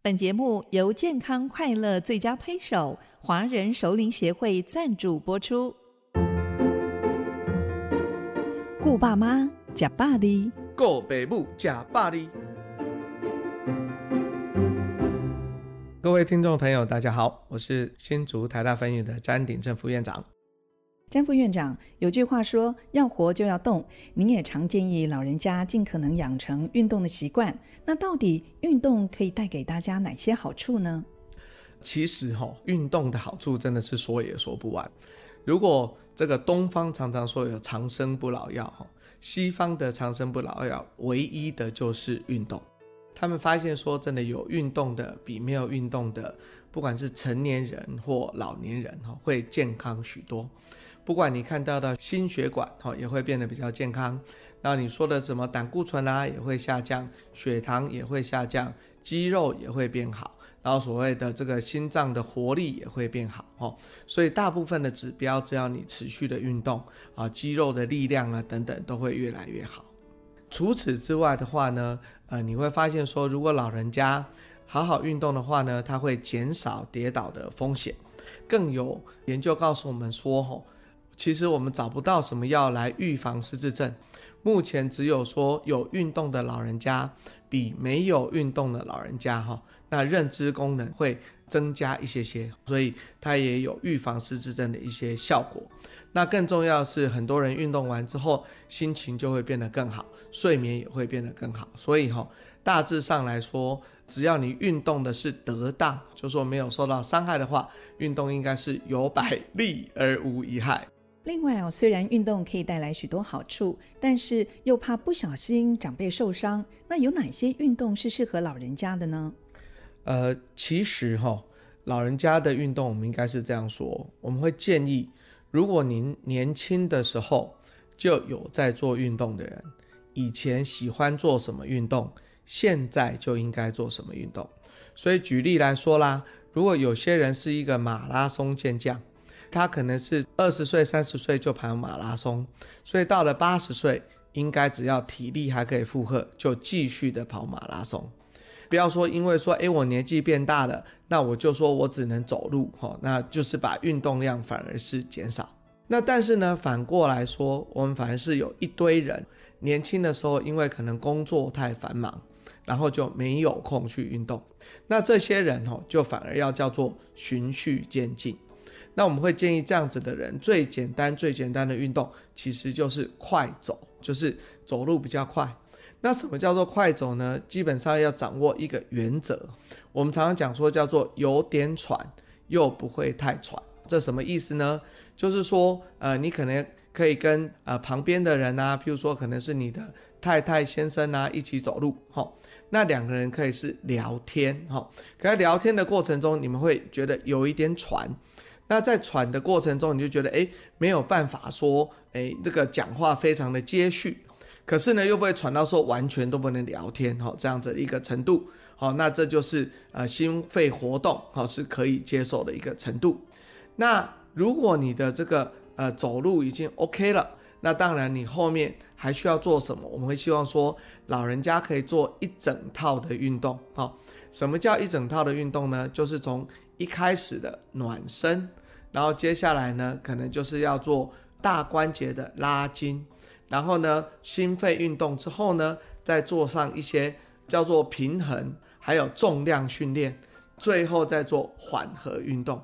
本節目由健康快樂最佳推手華人熟齡協會贊助播出。顧爸媽，吃百的，顧爸母，吃百的。各位聽眾朋友，大家好，我是新竹台大分院的詹鼎正副院長。詹副院長有句話說：“要活就要動。”您也常建議老人家盡可能養成運動的習慣。那到底運動可以帶給大家哪些好處呢？其實哈、哦，運動的好處真的是說也說不完。如果這個東方常常說有長生不老藥，西方的長生不老藥唯一的就是運動。他們發現說，真的有運動的比沒有運動的，不管是成年人或老年人，會健康許多。不管你看到的心血管哈也會變得比較健康，那你說的什麼膽固醇啊也會下降，血糖也會下降，肌肉也會變好，然後所謂的這個心臟的活力也會變好哦。所以大部分的指標只要你持續的運動啊，肌肉的力量啊等等都會越來越好。除此之外的話呢，呃，你會發現說，如果老人家好好運動的話呢，他會減少跌倒的風險。更有研究告訴我們說，吼。其實我們找不到什麼藥來預防失智症，目前只有說有運動的老人家比沒有運動的老人家哈，那認知功能會增加一些些，所以它也有預防失智症的一些效果。那更重要是，很多人運動完之後心情就會變得更好，睡眠也會變得更好。所以哈，大致上來說，只要你運動的是得當，就說沒有受到傷害的話，運動應該是有百利而無一害。另外哦，雖然運動可以帶來許多好處，但是又怕不小心長輩受傷，那有哪些運動是適合老人家的呢？呃，其實齁，老人家的運動我們應該是這樣說，我們會建議，如果您年輕的時候就有在做運動的人，以前喜歡做什麼運動，現在就應該做什麼運動。所以舉例來說啦，如果有些人是一個馬拉松健將。他可能是二十歲、三十歲就跑馬拉松，所以到了八十歲，應該只要體力還可以負荷，就繼續的跑馬拉松。不要說，因為說，誒我年紀變大了，那我就說我只能走路，吼，那就是把運動量反而是減少。那但是呢，反過來說，我們反而是有一堆人，年輕的時候，因為可能工作太繁忙，然後就沒有空去運動，那這些人，吼，就反而要叫做循序漸進。那我們會建議這樣子的人，最簡單最簡單的運動其實就是快走，就是走路比較快。那什麼叫做快走呢？基本上要掌握一個原則，我們常常講說叫做有點喘又不會太喘，這什麼意思呢？就是說，呃，你可能可以跟呃旁邊的人啊，譬如說可能是你的太太先生啊一起走路，哈、哦，那兩個人可以是聊天，哈、哦，可在聊天的過程中，你們會覺得有一點喘。那在喘的過程中，你就覺得哎、欸、沒有辦法說哎、欸，這個講話非常的接續，可是呢又不會喘到說完全都不能聊天哈，這樣子一個程度，好，那這就是呃心肺活動哈，是可以接受的一個程度。那如果你的這個呃走路已經 OK 了，那當然你後面還需要做什麼？我們會希望說老人家可以做一整套的運動哈。什麼叫一整套的運動呢？就是從一開始的暖身，然後接下來呢，可能就是要做大關節的拉筋，然後呢，心肺運動之後呢，再做上一些叫做平衡，還有重量訓練，最後再做緩和運動。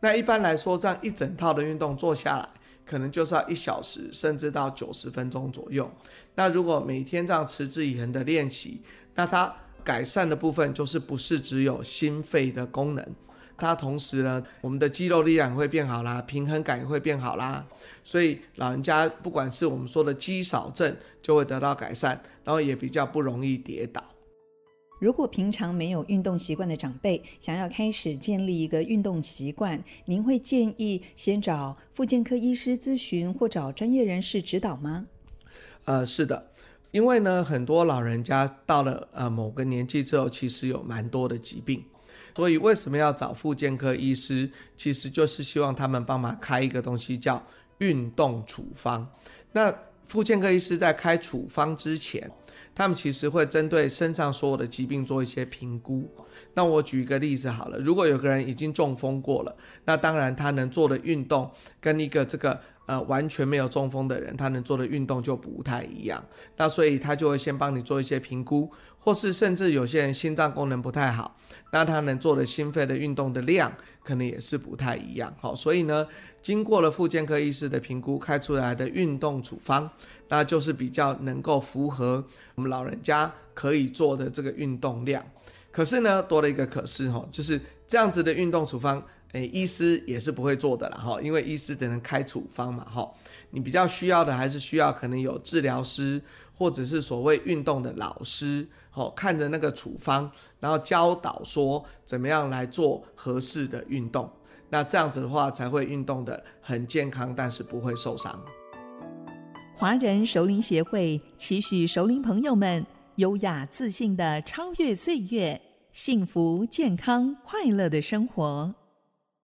那一般來說，這樣一整套的運動做下來，可能就是要一小時，甚至到九十分鐘左右。那如果每天這樣持之以恆的練習，那它。改善的部分就是不是只有心肺的功能，它同時呢，我們的肌肉力量會變好啦，平衡感也會變好啦，所以老人家不管是我們說的肌少症就會得到改善，然後也比較不容易跌倒。如果平常沒有運動習慣的長輩想要開始建立一個運動習慣，您會建議先找復健科醫師諮詢或找專業人士指導嗎？呃，是的。因為呢，很多老人家到了呃某個年紀之後，其實有蠻多的疾病，所以為什麼要找復健科醫師？其實就是希望他們幫忙開一個東西叫運動處方。那復健科醫師在開處方之前，他們其實會針對身上所有的疾病做一些評估。那我舉一個例子好了，如果有個人已經中風過了，那當然他能做的運動跟一個這個。呃，完全沒有中風的人，他能做的運動就不太一樣。那所以他就會先幫你做一些評估，或是甚至有些人心臟功能不太好，那他能做的心肺的運動的量可能也是不太一樣。哈，所以呢，經過了復健科醫師的評估，開出來的運動處方，那就是比較能夠符合我們老人家可以做的這個運動量。可是呢，多了一個可是哈，就是這樣子的運動處方。哎、欸，醫師也是不會做的啦，哈，因為醫師只能開處方嘛，哈。你比較需要的還是需要可能有治療師，或者是所謂運動的老師，看着那個處方，然後教導說怎麼樣來做合適的運動。那這樣子的話，才會運動得很健康，但是不會受傷。華人熟齡協會期許熟齡朋友們優雅自信地超越歲月，幸福健康快樂的生活。